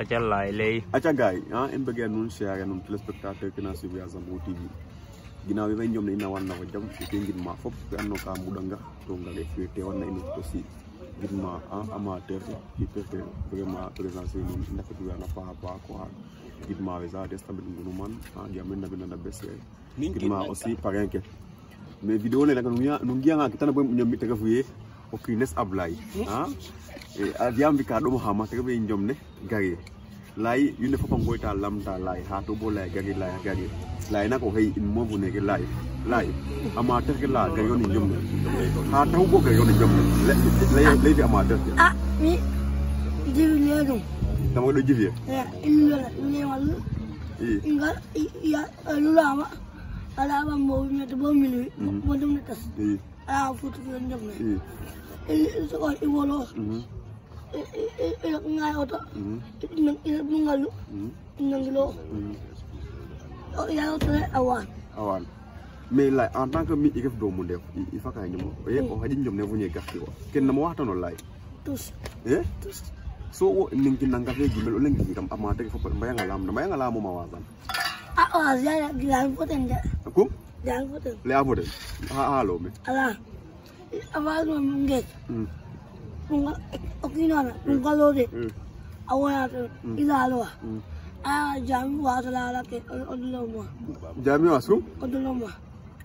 aca laay léegi aca gars yi ah en bëggee nun siyaare nun téléspectateur kena suivre Zambro TV ginnaaw ɓe ɓe jomne ina wanna ko jaam ete gidma foof ɓe anno ka muɗanga to ngal e fewte wanna ina aussi gidma amateur e hipperɓe vraiment présence e noon dakkatiwiyana paaha paaha ko ha gidmaɓe sa des taɓe ɗum gonu man ndiyamen naɓe nana bese gidma aussi parin ke mais vidéo ne naga no giyanga ke tana boy ñom mi tega fuye okines ablay ah? eh, aviam bika do hama te be njomne gari lay yune fopa ngoyta lamta lay ha to bo lay gari lay gari lay na ko hey in mo vune lay lay amateur ke la gari yoni njomne ha to bo gari yoni njomne lay lay di amateur ah mi jiru nyado tamo do jiru ya inyo la nyewan ingal ya lulama ala ba mo mi to bo mi ni mo mm-hmm. dum ne tas Ah, fotografin dem ne. Ina ko iwolo. ngai oto. Ina ina bungalu. Ina ngilo. Oh, ya awan. Awan. mais lay en tant que mi i ref doomu ndeef i faka ñomo e o xaƴi ñom ne fuñe gaxti o ken so wo ning ki nanga fe gimel o leng giram amate fo mbayanga lam mbayanga lamu ma wasan a ya, Leaangoten. Leaangoten. Haalo ah, ah, me. Ala. Awaalo mungek. Munga hmm. okinoana mungalode. Hmm. Hmm. Awaalo ilaloa. Ah jami wa sala ke oduloma. Jami wa su? Oduloma.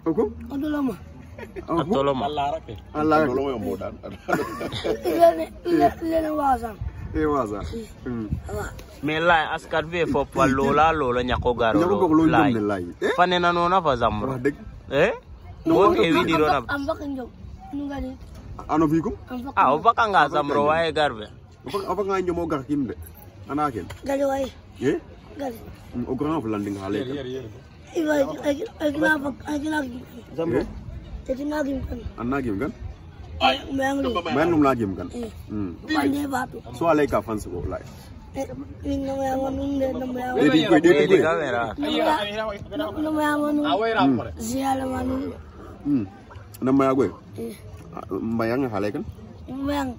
Oku? Oduloma. Atoloma. Allah rake. Allah rake. Oduloma yo modan. Ilene ilene wasan. waza melai askar ve fo pa lola lola nyako garo lo lai fane na nona fa zamro eh non ewi di rona ano fikum ah o baka nga zamro wae garbe o baka nga nyomo gar kimbe anaken gali wae eh gali o grand landing hale iwa agina agina zamro tetinagim kan anagim kan men num la jim kan so ale ka fan sugo lai Dedi koy dedi koy. Namaya manu. Ziyala manu. Namaya koy. Mbayang halay kan? Mbayang.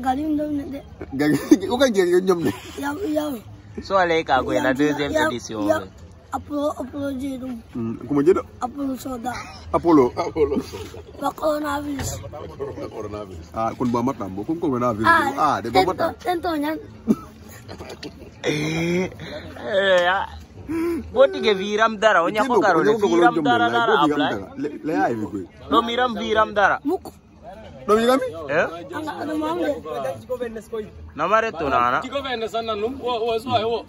Galing daw na de. Galing. Ukan jeng yun yum de. Yaw yaw. So alay ka koy na deuxième édition. Apollo Apollo Zero. Hmm, aku mau jadi Apollo Soda. Apollo. Apollo Soda. Ba coronavirus. Ba coronavirus. Ah, kun ba mata mo kun coronavirus. Ah, ah de ba mata. Tento nyan. Eh. eh Bodi ke viram dara onya oh, ko karo le viram dara dara abla. Le ay mi ko. No miram viram dara. Muk. No miram? Eh? Ana ana mamle. Namare tunana. Tiko venne sanna num wo wo so